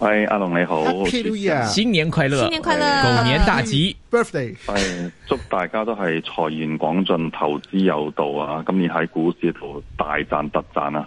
喂，阿龍你好，新年快樂，新年快樂，狗年大吉。係祝大家都係財源廣進、投資有道啊！今年喺股市度大賺特賺啊！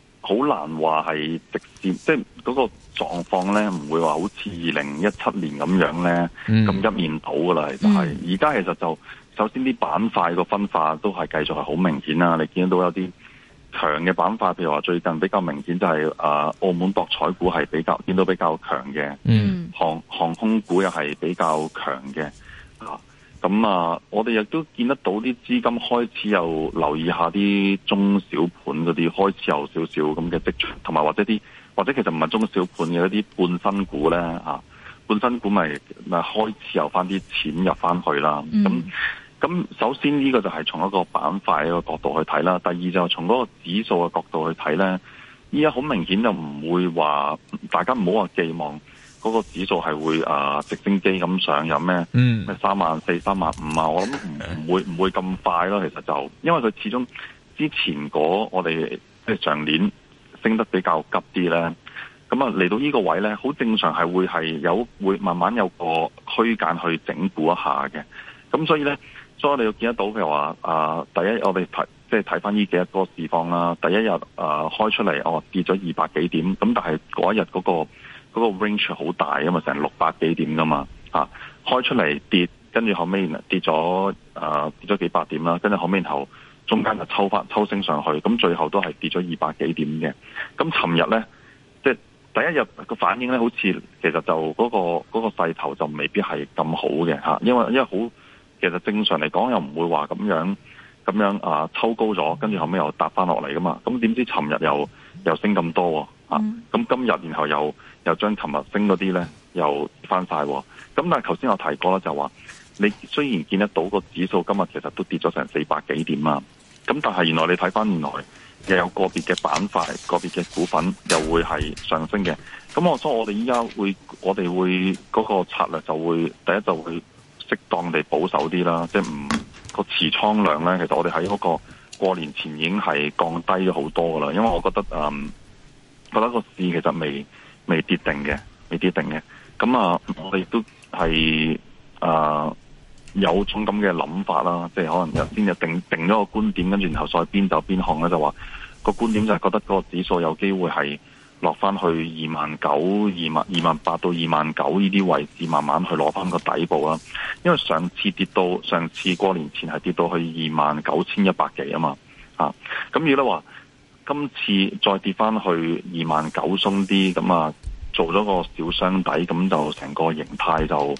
好難話係直接，即係嗰個狀況咧，唔會話好似二零一七年咁樣咧，咁、嗯、一面倒噶啦，係而家其實就首先啲板塊個分化都係繼續係好明顯啦，你見到有啲強嘅板塊，譬如話最近比較明顯就係、是、誒、啊、澳門博彩股係比較見到比較強嘅、嗯，航航空股又係比較強嘅。啊咁啊，我哋亦都見得到啲資金開始又留意下啲中小盤嗰啲，開始有少少咁嘅積蓄，同埋或者啲或者其實唔係中小盤嘅一啲半新股咧嚇，半、啊、新股咪咪開始有翻啲錢入翻去啦。咁、嗯、咁首先呢個就係從一個板塊嘅角度去睇啦，第二就係從嗰個指數嘅角度去睇咧。依家好明顯就唔會話大家唔好話寄望。嗰、那個指數係會啊、呃、直升機咁上，有咩咩三萬四、三萬五啊？34, 35, 我諗唔會唔會咁快咯。其實就因為佢始終之前嗰、那個、我哋即係上年升得比較急啲咧，咁啊嚟到呢個位咧，好正常係會係有會慢慢有個區間去整固一下嘅。咁所以咧，所以我哋要見得到譬如話啊、呃，第一我哋睇即係睇翻呢幾個市況啦。第一日啊、呃、開出嚟哦跌咗二百幾點，咁但係嗰一日嗰、那個。嗰個 range 好大啊嘛，成六百幾點噶嘛，吓開出嚟跌，跟住後尾跌咗，呃，跌咗幾百點啦，跟住後尾後中間就抽翻抽升上去，咁最後都係跌咗二百幾點嘅。咁尋日咧，即係第一日個反應咧，好似其實就嗰個嗰個勢頭就未必係咁好嘅吓，因為因為好其實正常嚟講又唔會話咁樣咁樣啊抽高咗，跟住後尾又搭翻落嚟噶嘛，咁點知尋日又又升咁多喎？咁、嗯、今日，然後又又將琴日升嗰啲咧，又返晒喎。咁但係頭先我提過啦，就話你雖然見得到個指數今日其實都跌咗成四百幾點啦。咁但係原來你睇翻，原來又有個別嘅板塊、個別嘅股份又會係上升嘅。咁我所以我哋依家會，我哋會嗰個策略就會第一就會適當地保守啲啦，即係唔個持倉量咧。其實我哋喺嗰個過年前已經係降低咗好多噶啦，因為我覺得、嗯覺得個市其實未未跌定嘅，未跌定嘅。咁啊，我哋都係誒有種咁嘅諗法啦，即係可能就先就定定咗個觀點，跟住然後再邊走邊看咧，就話個觀點就係覺得個指數有機會係落翻去二萬九、二萬二萬八到二萬九呢啲位置，慢慢去攞翻個底部啦。因為上次跌到上次過年前係跌到去二萬九千一百幾啊嘛，啊咁要咧話。今次再跌翻去二萬九鬆啲，咁啊做咗個小雙底，咁就成個形態就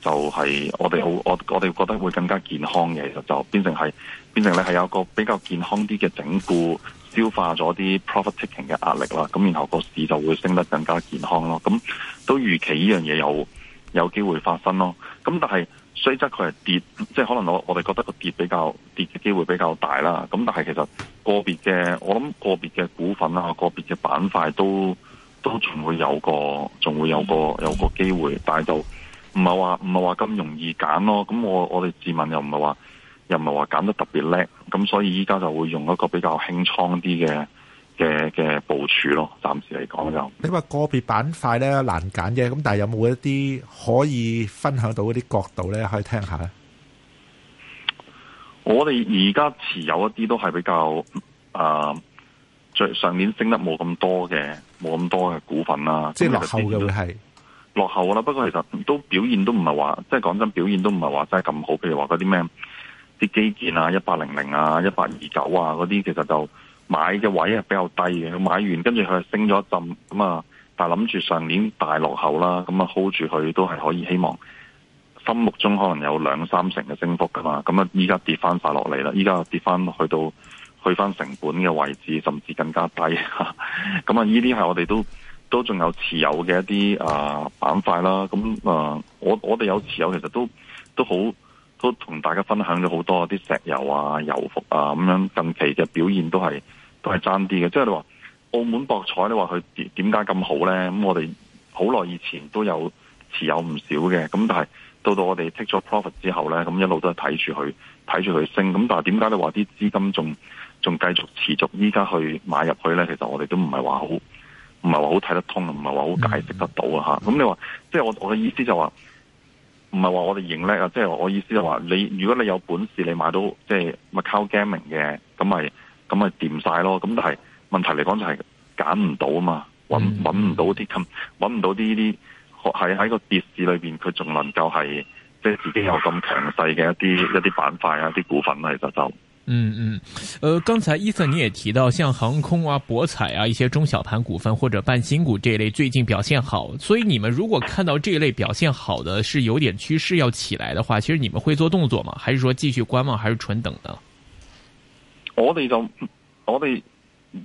就係我哋好，我我哋覺得會更加健康嘅，其實就變成係變成你係有個比較健康啲嘅整固消化咗啲 profit-taking 嘅壓力啦，咁然後個市就會升得更加健康咯。咁都預期呢樣嘢有有機會發生咯。咁但係。雖則佢係跌，即係可能我我哋覺得個跌比較跌嘅機會比較大啦。咁但係其實個別嘅我諗個別嘅股份呀，個別嘅板塊都都仲會有個仲會有個有個機會，但係就唔係話唔係話咁容易揀咯。咁我我哋自問又唔係話又唔係話揀得特別叻，咁所以依家就會用一個比較輕倉啲嘅。嘅嘅部署咯，暫時嚟講就你話個別板塊咧難揀嘅。咁但係有冇一啲可以分享到一啲角度咧？可以聽下咧。我哋而家持有一啲都係比較啊，最、呃、上年升得冇咁多嘅，冇咁多嘅股份啦。即係落後又會係落後啦，不過其實都表現都唔係話，即係講真，表現都唔係話真係咁好。譬如話嗰啲咩啲基建啊，一八零零啊，一八二九啊嗰啲，其實就。買嘅位係比較低嘅，買完跟住佢升咗一陣，咁啊，但係諗住上年大落後啦，咁啊 hold 住佢都係可以希望，心目中可能有兩三成嘅升幅噶嘛，咁啊依家跌翻曬落嚟啦，依家跌翻去到去翻成本嘅位置，甚至更加低，咁啊依啲係我哋都都仲有持有嘅一啲啊、呃、板塊啦，咁啊、呃、我我哋有持有其實都都好，都同大家分享咗好多啲石油啊、油服啊咁樣近期嘅表現都係。都係爭啲嘅，即係你話澳門博彩，你話佢點點解咁好咧？咁我哋好耐以前都有持有唔少嘅，咁但係到到我哋 take 咗 profit 之後咧，咁一路都係睇住佢，睇住佢升。咁但係點解你話啲資金仲仲繼續持續依家去買入去咧？其實我哋都唔係話好，唔係話好睇得通，唔係話好解釋得到啊！咁你話即係我我嘅意思就話，唔係話我哋醒叻啊！即係我意思就話，你如果你有本事，你買到即係 Macau Gaming 嘅，咁咪？咁咪掂晒咯，咁但係問題嚟講就係揀唔到啊嘛，揾揾唔到啲咁，揾唔到啲呢啲，係喺個跌市裏邊，佢仲能夠係即係自己有咁強勢嘅一啲一啲板塊啊，一啲股份咧，其實就嗯嗯，誒、嗯嗯呃，剛才 Ethan 你也提到，像航空啊、博彩啊、一些中小盤股份或者半新股這一類最近表現好，所以你們如果看到這一類表現好的是有點趨勢要起來的話，其實你們會做動作嗎？還是說繼續觀望，還是純等呢？我哋就我哋，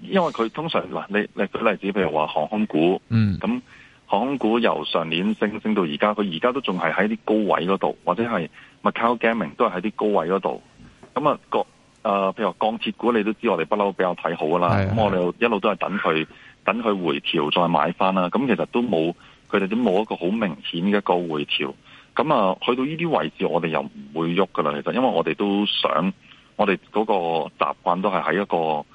因為佢通常嗱，你你舉例子，譬如話航空股，嗯，咁航空股由上年升升到而家，佢而家都仲係喺啲高位嗰度，或者係 Macau Gaming 都係喺啲高位嗰度。咁啊，誒、呃，譬如話鋼鐵股，你都知我哋不嬲比較睇好噶啦。咁、嗯、我哋一路都係等佢，等佢回調再買翻啦。咁其實都冇，佢哋都冇一個好明顯嘅一個回調。咁啊，去到呢啲位置，我哋又唔會喐噶啦。其實，因為我哋都想。我哋嗰個習慣都係喺一個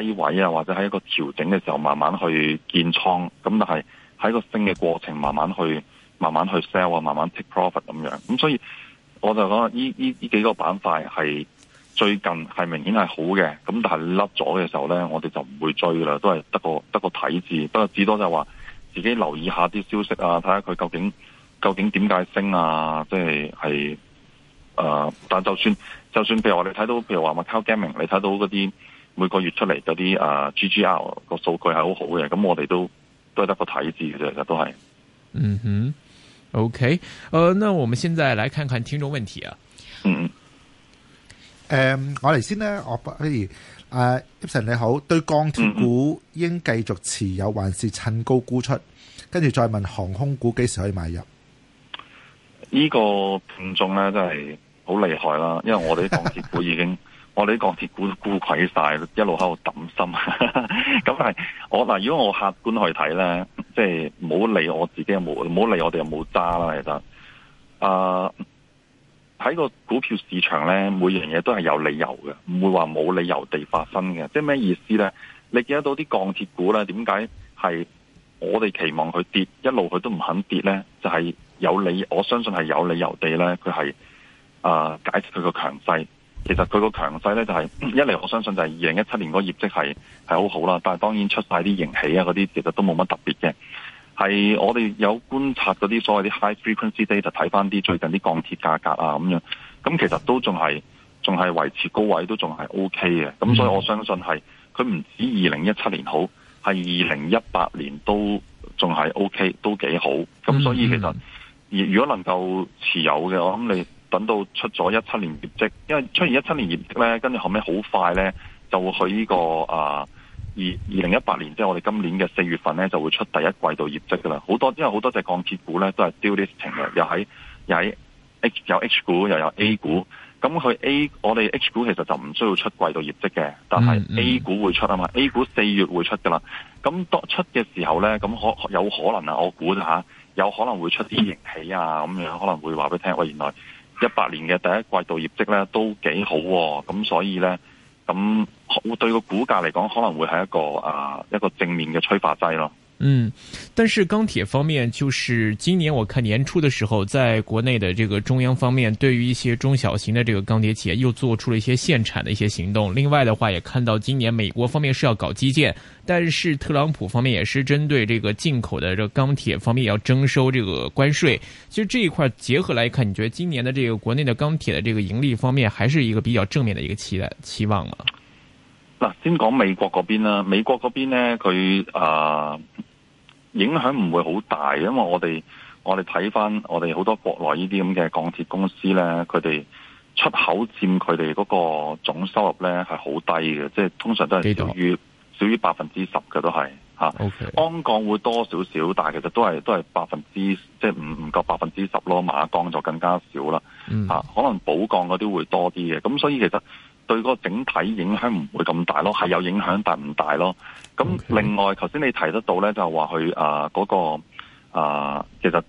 低位啊，或者喺一個調整嘅時候，慢慢去建倉。咁但係喺個升嘅過程，慢慢去、慢慢去 sell 啊，慢慢 take profit 咁樣。咁、嗯、所以我就講，呢呢幾個板塊係最近係明顯係好嘅。咁但係甩咗嘅時候呢，我哋就唔會追啦，都係得個得個睇字。不過至多就話自己留意下啲消息啊，睇下佢究竟究竟點解升啊，即係係。誒、呃，但就算就算譬如我哋睇到譬如話 Macau gaming，你睇到嗰啲每個月出嚟嗰啲誒 GGR 個數據係好好嘅，咁我哋都都係得個睇字嘅，其實都係。嗯哼，OK，誒、呃，那我們現在來看看聽眾問題啊。嗯誒、嗯，我嚟先呢我不，譬、啊、如誒 Gibson 你好，對鋼鐵股、嗯、應繼續持有還是趁高沽出？跟住再問航空股幾時可以買入？呢、這個聽眾呢，真係。好厲害啦，因為我哋啲鋼鐵股已經， 我哋啲鋼鐵股都沽虧晒，一路喺度抌心。咁 但係我嗱，如果我客觀去睇咧，即係唔好理我自己冇，唔好理我哋又冇揸啦，其實啊，喺、uh, 個股票市場咧，每樣嘢都係有理由嘅，唔會話冇理由地發生嘅。即係咩意思咧？你見得到啲鋼鐵股咧，點解係我哋期望佢跌，一路佢都唔肯跌咧？就係、是、有理，我相信係有理由地咧，佢係。啊！解釋佢個強勢，其實佢個強勢咧，就係一嚟，我相信就係二零一七年嗰個業績係係好好啦。但係當然出曬啲盈喜啊，嗰啲其實都冇乜特別嘅。係我哋有觀察嗰啲所謂啲 high frequency data，睇翻啲最近啲鋼鐵價格啊，咁樣咁其實都仲係仲係維持高位，都仲係 O K 嘅。咁所以我相信係佢唔止二零一七年好，係二零一八年都仲係 O K，都幾好。咁所以其實如如果能夠持有嘅，我諗你。等到出咗一七年業績，因為出現一七年業績咧，跟住後尾好快咧，就會去呢、這個啊二二零一八年，即、就、係、是、我哋今年嘅四月份咧，就會出第一季度業績噶啦。好多因為好多隻鋼鐵股咧都係 dual listing 嘅，又喺又喺 H 有 H 股，又有 A 股。咁佢 A 我哋 H 股其實就唔需要出季度業績嘅，但係 A 股會出啊嘛、嗯。A 股四、嗯、月會出噶啦。咁當出嘅時候咧，咁可有可能啊？我估嚇有可能會出啲盈喜啊，咁樣可能會話俾你聽。我原來。一八年嘅第一季度業績咧都幾好。咁所以咧，咁對個股價嚟講可能會係一個啊一個正面嘅催化劑咯。嗯，但是鋼鐵方面，就是今年我看年初的時候，在國內的這個中央方面，對於一些中小型的這個鋼鐵企業，又做出了一些限產的一些行動。另外的話，也看到今年美國方面是要搞基建，但是特朗普方面也是針對這個進口的這個鋼鐵方面要徵收這個關稅。其實這一塊結合來看，你覺得今年的這個國內的鋼鐵的這個盈利方面，還是一個比較正面的一個期待期望嗎？嗱，先講美國嗰邊啦，美國嗰邊呢，佢啊。呃影響唔會好大，因為我哋我哋睇翻我哋好多國內呢啲咁嘅鋼鐵公司咧，佢哋出口佔佢哋嗰個總收入咧係好低嘅，即係通常都係少於少於百分之十嘅都係。嚇，鞍鋼會多少少，但係其實都係都係百分之，即係唔唔夠百分之十咯。馬鋼就更加少啦。嚇、mm. 啊，可能寶鋼嗰啲會多啲嘅，咁所以其實對個整體影響唔會咁大咯，係有影響，但唔大咯。咁另外頭先、okay. 你睇得到咧，就話佢啊嗰、那個啊，其實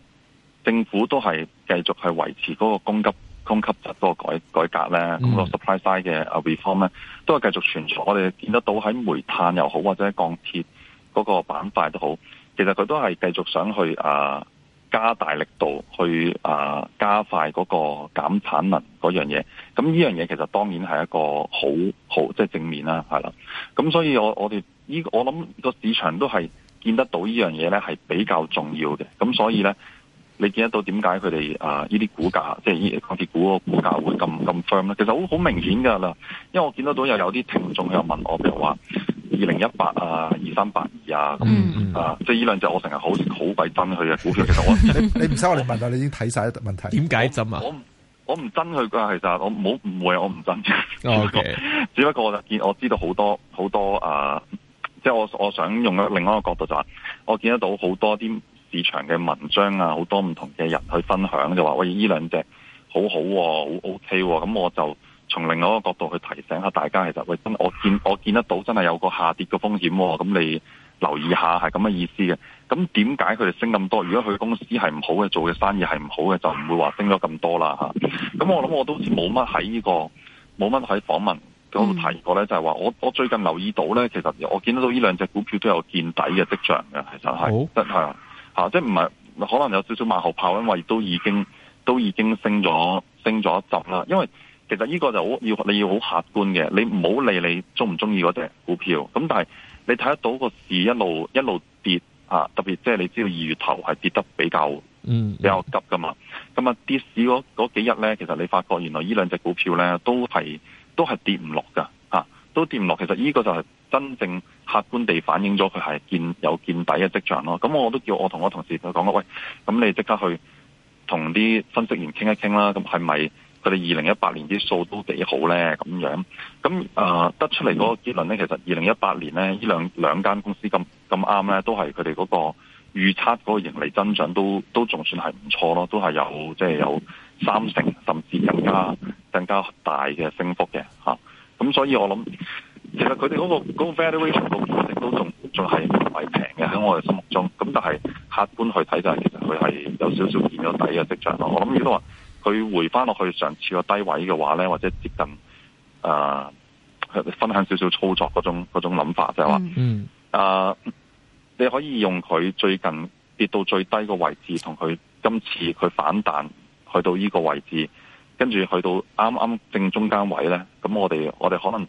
政府都係繼續係維持嗰個供給供給側嗰個改改革咧，mm. 個 supply side 嘅啊 reform 咧，都係繼續存在。我哋見得到喺煤炭又好或者鋼鐵。嗰、那個板塊都好，其實佢都係繼續想去啊、呃、加大力度去啊、呃、加快嗰個減產能嗰樣嘢，咁呢樣嘢其實當然係一個好好即係、就是、正面啦，係啦。咁所以我我哋我諗個市場都係見得到呢樣嘢咧，係比較重要嘅。咁所以咧，你見得到點解佢哋啊呢啲股價，即係呢鋼鐵股個股價會咁咁 firm 咧？其實好好明顯㗎啦，因為我見得到又有啲聽眾有問我譬如話。二零一八啊，二三八二啊，咁、嗯啊，嗯、啊，即係呢兩隻我成日好好鬼憎佢嘅股票，其實我你你唔使我嚟問啊，你已經睇晒問題。點解憎啊？我我唔憎佢噶，其實我唔好誤會我唔憎。Oh, okay. 只不過，只不過我見我知道好多好多啊、呃，即係我我想用另外一個角度就話、是，我見得到好多啲市場嘅文章啊，好多唔同嘅人去分享就話喂，呢兩隻好好、啊、喎，好 OK 喎、啊，咁、嗯、我就。從另外一個角度去提醒下大家，其實喂，真我見我見得到真係有個下跌嘅風險喎、哦，咁你留意下係咁嘅意思嘅。咁點解佢哋升咁多？如果佢公司係唔好嘅，做嘅生意係唔好嘅，就唔會話升咗咁多啦嚇。咁、啊、我諗我都好似冇乜喺呢個冇乜喺訪問嗰度提過咧、嗯，就係、是、話我我最近留意到咧，其實我見得到呢兩隻股票都有見底嘅跡象嘅，其實係得嚇嚇，即係唔係可能有少少馬後炮，因為都已經都已經升咗升咗一浸啦，因為。其實呢個就好要你要好客觀嘅，你唔好理你中唔中意嗰隻股票。咁但係你睇得到個市一路一路跌啊，特別即係你知道二月頭係跌得比較嗯比較急噶嘛。咁啊，跌市嗰幾幾日咧，其實你發覺原來呢兩隻股票咧都係都係跌唔落噶吓，都跌唔落。其實呢個就係真正客觀地反映咗佢係見有見底嘅跡象咯。咁我都叫我同我同事佢講，喂，咁你即刻去同啲分析員傾一傾啦，咁係咪？佢哋二零一八年啲數都幾好咧，咁樣咁誒、呃、得出嚟嗰個結論咧，其實二零一八年咧，呢兩兩間公司咁咁啱咧，都係佢哋嗰個預測嗰個盈利增長都都仲算係唔錯咯，都係有即係、就是、有三成甚至更加更加大嘅升幅嘅嚇。咁、啊、所以我諗其實佢哋嗰個嗰個 valuation 個估值都仲仲係唔係平嘅，喺我哋心目中。咁但係客觀去睇就係、是、其實佢係有少少見咗底嘅跡象咯。我諗亦都話。佢回翻落去上次個低位嘅話呢，或者接近誒、呃、分享少少操作嗰種嗰種諗法，就係話誒，你可以用佢最近跌到最低個位置，同佢今次佢反彈去到依個位置，跟住去到啱啱正中間位呢。咁我哋我哋可能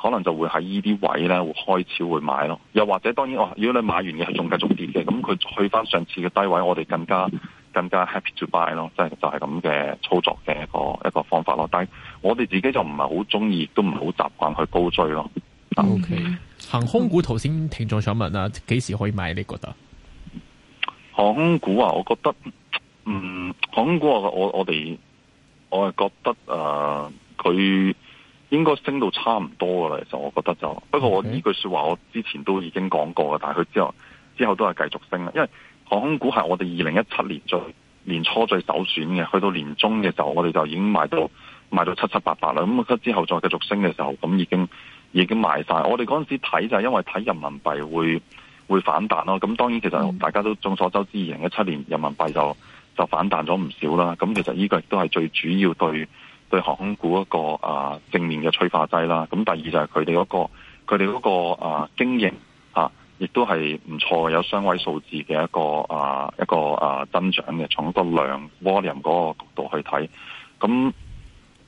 可能就會喺依啲位呢會開始會買咯。又或者當然，哦、如果你買完嘢係仲繼續跌嘅，咁佢去翻上次嘅低位，我哋更加。更加 happy to buy 咯，即係就係咁嘅操作嘅一個一個方法咯。但係我哋自己就唔係好中意，亦都唔係好習慣去高追咯。OK，航空股頭先聽眾想問啊，幾時可以買？你覺得航空股啊？我覺得，嗯，航空股、啊、我我我哋我係覺得誒，佢、呃、應該升到差唔多噶啦。其實我覺得就，不過我呢句說話，我之前都已經講過噶，但係佢之後之後都係繼續升啦，因為。航空股係我哋二零一七年最年初最首選嘅，去到年中嘅時候我哋就已經賣到賣到七七八八啦。咁之後再繼續升嘅時候，咁已經已經賣晒。我哋嗰陣時睇就係因為睇人民幣會會反彈咯。咁當然其實大家都眾所周知，二零一七年人民幣就就反彈咗唔少啦。咁其實呢個亦都係最主要對對航空股一個啊正面嘅催化劑啦。咁第二就係佢哋嗰個佢哋嗰個啊經營。亦都係唔錯，有雙位數字嘅一個啊一個啊增長嘅，從一個量 volume 嗰個角度去睇。咁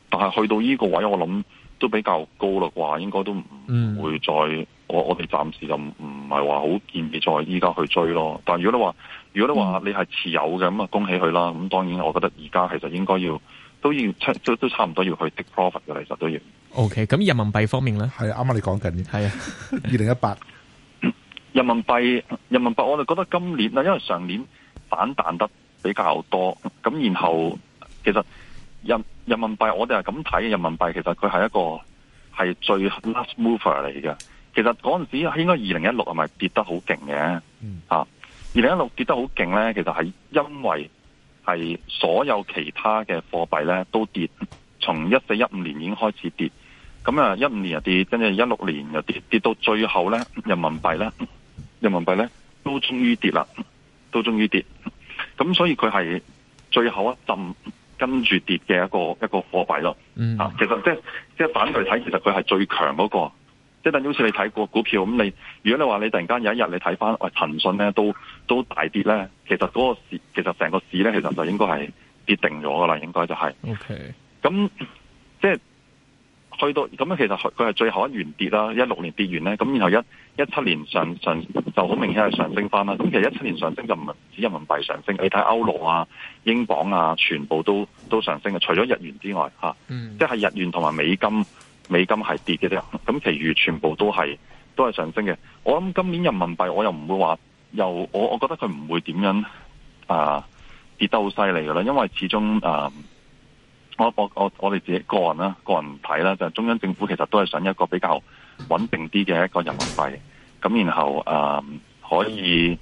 但係去到呢個位，我諗都比較高啦啩，應該都唔會再、嗯、我我哋暫時就唔係話好建議再依家去追咯。但如果你話如果你話你係持有嘅，咁啊恭喜佢啦。咁當然我覺得而家其實應該要都要差都都差唔多要去 take profit 嘅，其實都要。OK，咁人民幣方面咧，係啱啱你講緊，係啊，二零一八。 人民幣，人民幣我哋覺得今年啦，因為上年反彈得比較多，咁然後其實人人民幣我哋係咁睇嘅，人民幣其實佢係一個係最 last mover 嚟嘅。其實嗰陣時候應該二零一六係咪跌得好勁嘅？吓、嗯，二零一六跌得好勁咧，其實係因為係所有其他嘅貨幣咧都跌，從一四一五年已經開始跌，咁啊一五年又跌，跟住一六年又跌，跌到最後咧人民幣咧。人民幣咧都終於跌啦，都終於跌，咁所以佢係最後一陣跟住跌嘅一個一個貨幣咯。Mm -hmm. 啊，其實即係即係反過嚟睇，其實佢係最強嗰個。即係等於好似你睇個股票咁，你如果你話你突然間有一日你睇翻，喂騰訊咧都都大跌咧，其實嗰個市，其實成個市咧，其實就應該係跌定咗噶啦，應該就係、是。O K. 咁即係。去到咁樣其實佢佢係最後一元跌啦，一六年跌完咧，咁然後一一七年上上就好明顯係上升翻啦。咁其實一七年上升就唔止人民幣上升，你睇歐羅啊、英鎊啊，全部都都上升嘅，除咗日元之外、嗯、即係日元同埋美金，美金係跌嘅啫。咁其餘全部都係都係上升嘅。我諗今年人民幣，我又唔會話又我，我覺得佢唔會點樣啊、呃、跌得好犀利嘅啦，因為始終啊。呃我我我哋自己個人啦，個人睇啦，就係中央政府其實都係想一個比較穩定啲嘅一個人民幣，咁然後誒、啊、可以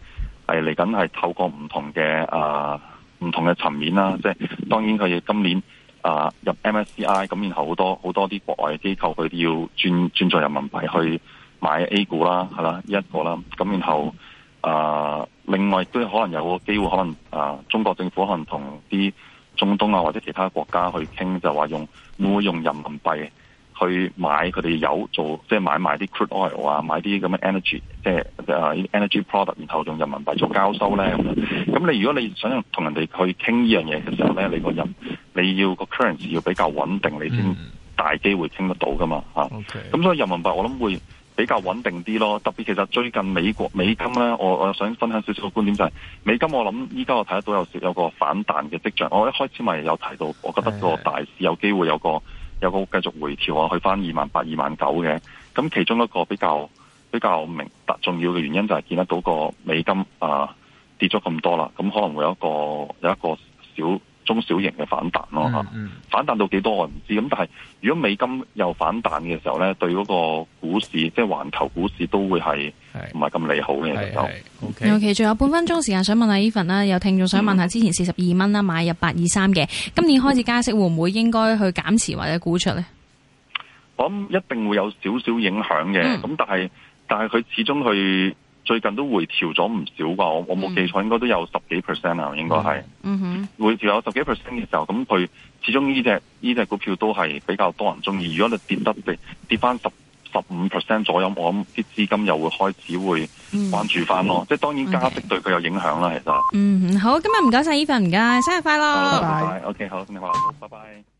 係嚟緊係透過唔同嘅誒唔同嘅層面啦，即係當然佢哋今年誒、啊、入 MSCI，咁然後好多好多啲國外嘅機構佢要轉轉做人民幣去買 A 股啦，係啦，一個啦，咁然後誒、啊、另外都可能有個機會，可能誒、啊、中國政府可能同啲，中東啊，或者其他國家去傾，就話、是、用會用人民幣去買佢哋油做，即係買賣啲 crude oil 啊，買啲咁嘅 energy，即係誒、uh, energy product，然後用人民幣做交收咧。咁你如果你想同人哋去傾呢樣嘢嘅時候咧，你個人你要個 currency 要比較穩定，你先大機會傾得到噶嘛吓、okay. 啊、咁所以人民幣我諗會。比較穩定啲咯，特別其實最近美國美金咧，我我想分享少少個觀點就係、是、美金，我諗依家我睇得到有有個反彈嘅跡象。我一開始咪有提到，我覺得個大市有機會有個有個繼續回調啊，去翻二萬八、二萬九嘅。咁其中一個比較比較明白重要嘅原因就係見得到個美金啊、呃、跌咗咁多啦，咁可能會有一個有一個小。中小型嘅反彈咯嚇、嗯嗯，反彈到幾多我唔知。咁但係如果美金又反彈嘅時候咧，對嗰個股市即係環球股市都會係唔係咁利好嘅？就。OK，OK，、okay. 尤其最後半分鐘時間想問下依份啦，有聽眾想問下之前四十二蚊啦買入八二三嘅，今年開始加息會唔會應該去減持或者沽出咧？我諗一定會有少少影響嘅，咁、嗯、但係但係佢始終去。最近都回調咗唔少啩，我我冇記錯、嗯、應該都有十幾 percent 啊，應該係。嗯哼，回調有十幾 percent 嘅時候，咁佢始終呢隻呢隻股票都係比較多人中意。如果你跌得你跌翻十十五 percent 左右，我諗啲資金又會開始會關注翻咯。即係當然加息對佢有影響啦，嗯 okay. 其實。嗯，好，今日唔該曬，Evan，唔該，生日快樂。拜拜。OK，好，咁你話好，拜拜。